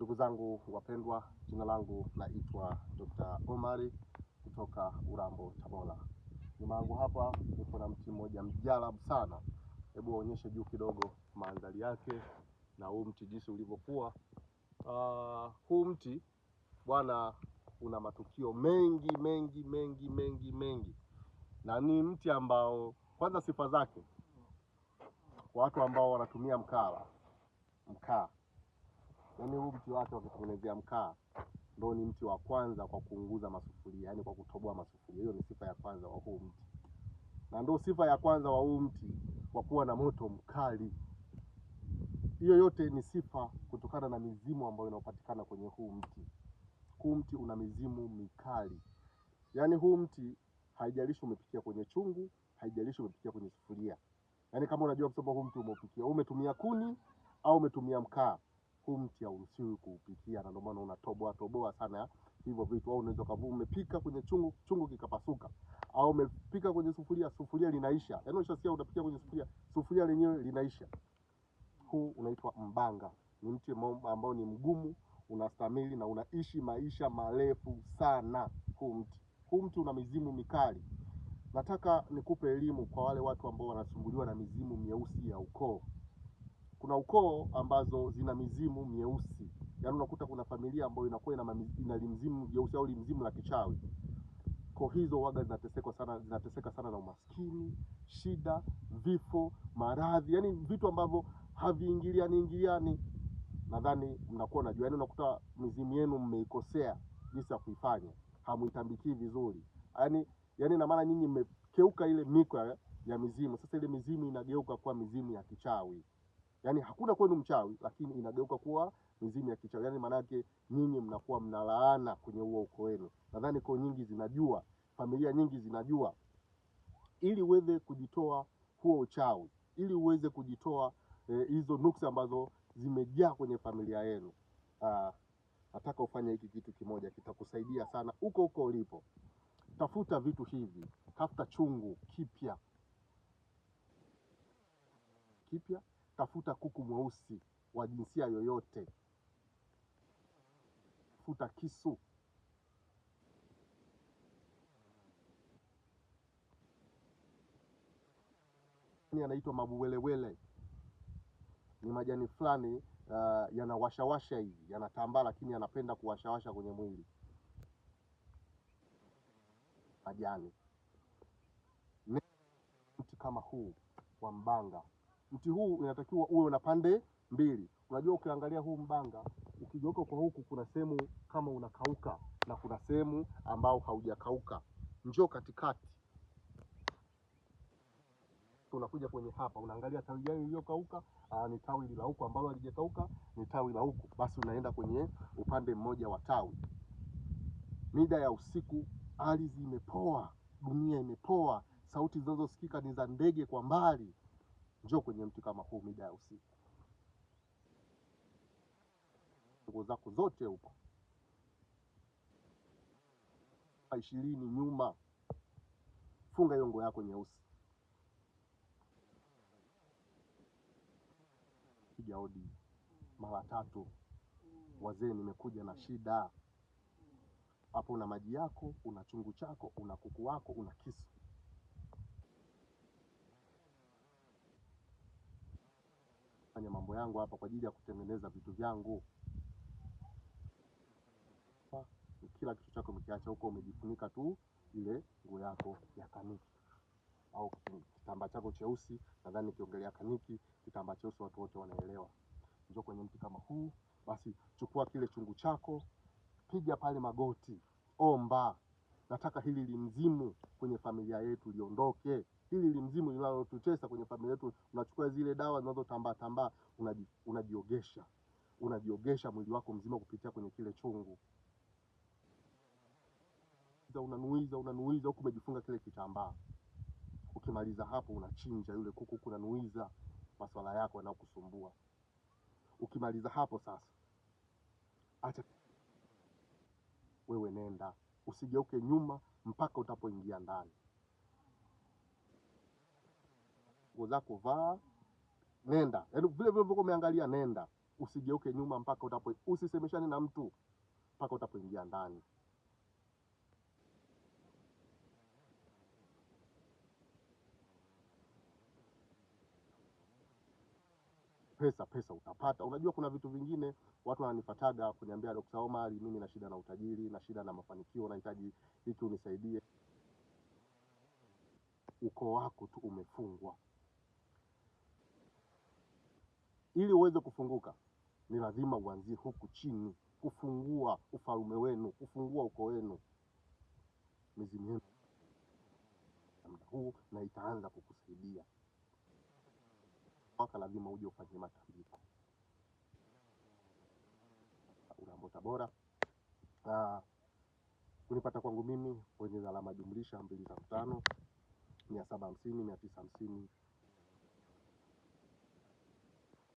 Ndugu zangu wapendwa, jina langu naitwa Dr. Omari kutoka Urambo, Tabora. Nyuma yangu hapa niko na mti mmoja mjarabu sana. Hebu waonyeshe juu kidogo mandhari yake na huu mti jinsi ulivyokuwa. Uh, huu mti bwana una matukio mengi mengi mengi mengi mengi, na ni mti ambao kwanza sifa zake, watu ambao wanatumia mkala mkaa yani huu mti wake kutengenezea mkaa ndo ni mti wa kwanza kwa kuunguza masufuria, yani kwa kutoboa masufuria. Hiyo ni sifa ya kwanza wa huu mti, na ndo sifa ya kwanza wa huu mti kwa kuwa na moto mkali. Hiyo yote ni sifa kutokana na mizimu ambayo inapatikana kwenye huu mti. Huu mti una mizimu mikali, yani huu mti haijalishi umepikia kwenye chungu, haijalishi umepikia kwenye sufuria, yani kama unajua kwamba huu mti umeupikia, umetumia kuni au umetumia mkaa huu mti hauruhusiwi kuupikia, na ndio maana unatoboa toboa sana hivyo vitu, au unaweza kavu umepika kwenye chungu, chungu kikapasuka, au umepika kwenye sufuria, sufuria linaisha. Yaani ushasikia unapikia kwenye sufuria, sufuria lenyewe linaisha. Huu unaitwa mbanga, ni mti ambao ni mgumu, unastamili na unaishi maisha marefu sana. Huu mti huu mti una mizimu mikali. Nataka nikupe elimu kwa wale watu ambao wanasumbuliwa na mizimu mieusi ya ukoo kuna ukoo ambazo zina mizimu mieusi, yaani unakuta kuna familia ambayo inakuwa ina, ina limzimu jeusi au limzimu la kichawi. Koo hizo waga zinateseka sana, zinateseka sana na umaskini, shida, vifo, maradhi, yaani vitu ambavyo haviingiliani ingiliani. Nadhani mnakuwa najua, yaani unakuta mizimu yenu mmeikosea jinsi ya kuifanya, hamuitambikii vizuri, yaani yaani na maana nyinyi mmekeuka ile miko ya mizimu. Sasa ile mizimu inageuka kuwa mizimu ya kichawi yani hakuna kwenu mchawi, lakini inageuka kuwa mizimu ya kichawi. yani maanake nyinyi mnakuwa mnalaana kwenye huo uko wenu. Nadhani koo nyingi zinajua, familia nyingi zinajua. Ili uweze kujitoa huo uchawi, ili uweze kujitoa eh, hizo e, nuksa ambazo zimejaa kwenye familia yenu, ah, nataka ufanye hiki kitu kimoja, kitakusaidia sana huko huko ulipo. Tafuta vitu hivi, tafuta chungu kipya kipya tafuta kuku mweusi wa jinsia yoyote, futa kisu, ni anaitwa mabuwelewele, ni majani fulani uh, yanawashawasha hivi, yanatambaa, lakini yanapenda kuwashawasha kwenye mwili majani. Mti kama huu wa mbanga mti huu inatakiwa uwe na pande mbili. Unajua, ukiangalia huu mbanga ukijoka kwa huku, kuna sehemu kama unakauka na kuna sehemu ambao haujakauka. Njoo katikati, tunakuja kwenye hapa, unaangalia tawi gani lililokauka. Ah, ni tawi la huku ambalo halijakauka, ni tawi la huku, basi unaenda kwenye upande mmoja wa tawi. Mida ya usiku, ardhi imepoa, dunia imepoa, sauti zinazosikika ni za ndege kwa mbali njoo kwenye mti kama huu mida ya usiku, nguo zako zote huko ishirini nyuma, funga hiyo nguo yako nyeusi, piga hodi mara tatu, wazee, nimekuja na shida hapo. Una maji yako, una chungu chako, una kuku wako, una kisu mambo yangu hapa kwa ajili ya kutengeneza vitu vyangu. Kila kitu chako umekiacha huko, umejifunika tu ile nguo yako ya kaniki au kitambaa chako cheusi. Nadhani ukiongelea kaniki, kitambaa cheusi, watu wote wanaelewa. Njoo kwenye mti kama huu, basi chukua kile chungu chako, piga pale magoti, omba, nataka hili limzimu kwenye familia yetu liondoke hili mzimu linalotutesa kwenye familia yetu, unachukua zile dawa zinazotambaa tambaa, unaji, unajiogesha unajiogesha mwili wako mzima kupitia kwenye kile chungu, unanuiza unanuiza huku umejifunga kile kitambaa. Ukimaliza hapo, unachinja yule kuku, kunanuiza maswala yako yanayokusumbua. Ukimaliza hapo sasa, acha wewe, nenda usigeuke nyuma mpaka utapoingia ndani nguo zako vaa, nenda. Yaani vile vile ambavyo umeangalia nenda, usigeuke nyuma mpaka utapo, usisemeshane na mtu mpaka utapoingia ndani. Pesa pesa utapata. Unajua, kuna vitu vingine watu wananifataga kuniambia, Dr. Omar, mimi na shida na utajiri na shida na mafanikio, nahitaji hiki unisaidie. Ukoo wako tu umefungwa. Ili uweze kufunguka, ni lazima uanzie huku chini, kufungua ufalume wenu, kufungua ukoo wenu. Mizimu yenu muda huu na itaanza kukusaidia mpaka Lazima uje ufanye matambiko Urambo Tabora. na kunipata kwangu mimi kwenye alama jumlisha mbili tano tano mia saba hamsini mia tisa hamsini